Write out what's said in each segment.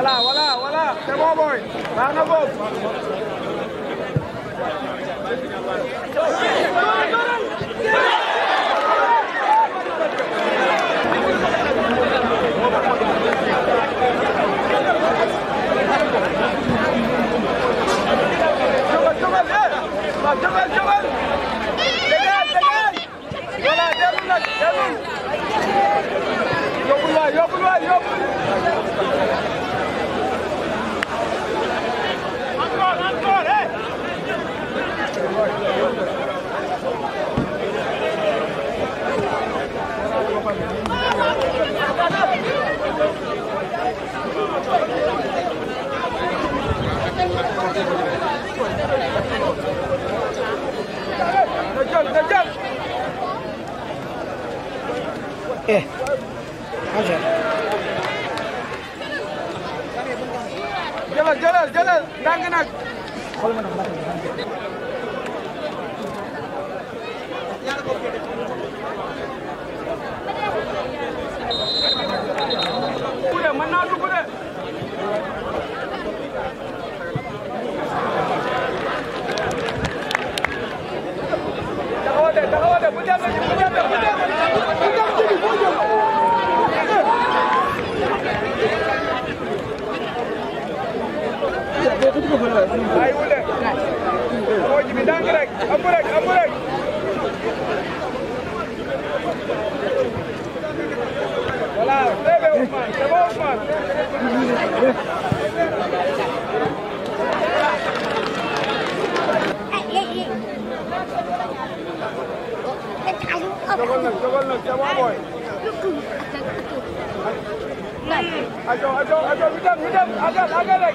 Olha lá, olha lá, olha lá. Come on, boy. Round the boat. Jump, jump, jump! Yok bunlar, yok bunlar, yok bunlar. ايه حجر جلال جلال جلال دانك نك Belangrijk, Amburek, Amburek. Voilà, leve Ousmane, leve Ousmane. شغل لك شغل لك يا بابا اجو اجو اجو مدام مدام اجل اجلك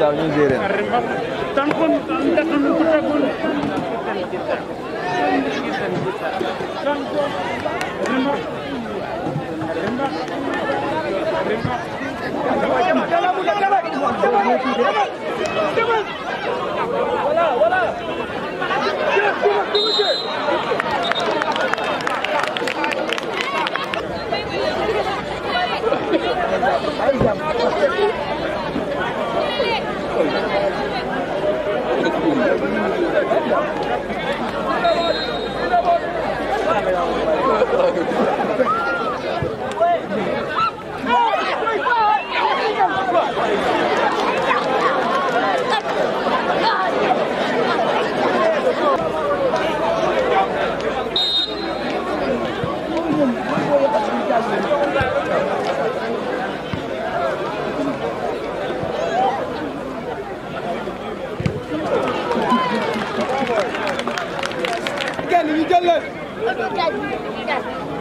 daal ñu gérer tankon tankon tankon عايزه jël leen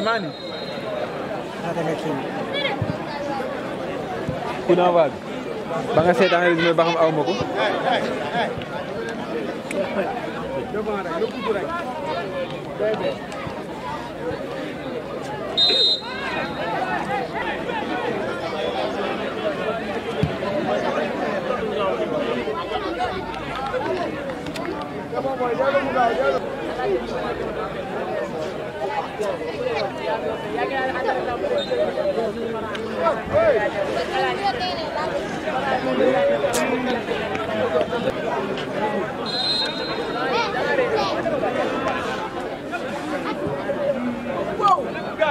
Imani. Coup d'envoi bi ba nga seetaan résumé ba xam Wow! Dạ,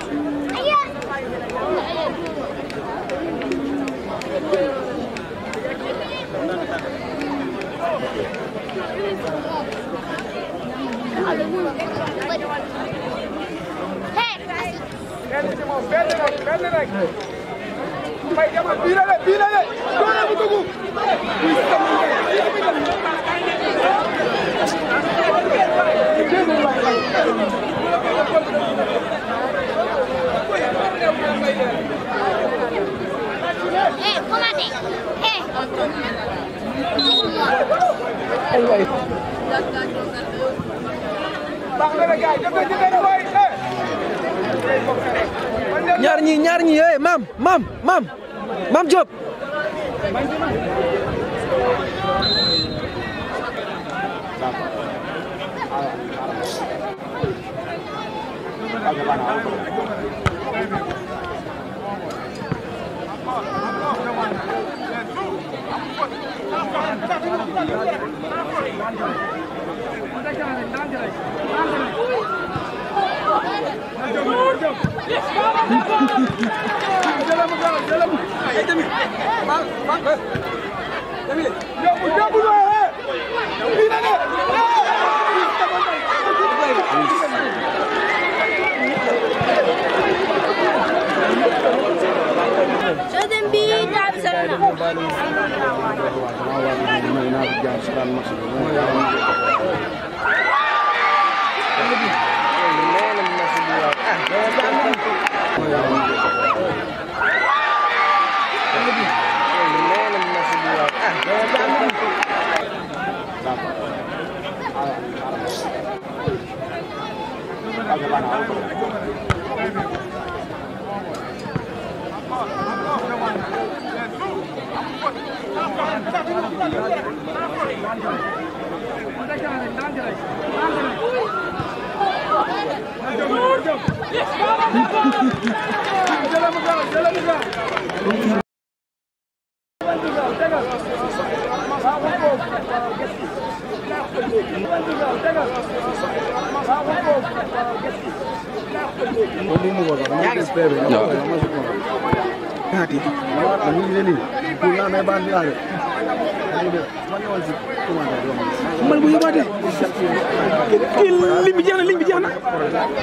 benn ci moom benn rek benn rek mbay jamal bii la de bii la de doole bu dugg Bak na gay, jëf jëf boy. ñaar ñi ñaar ñi eh maam maam maam maam Diop. Jangan sekarang bisa. jalan bunu Jalan Bunlar jalan bandı man bu yóbbaatee kii lim bi jeex na lim bi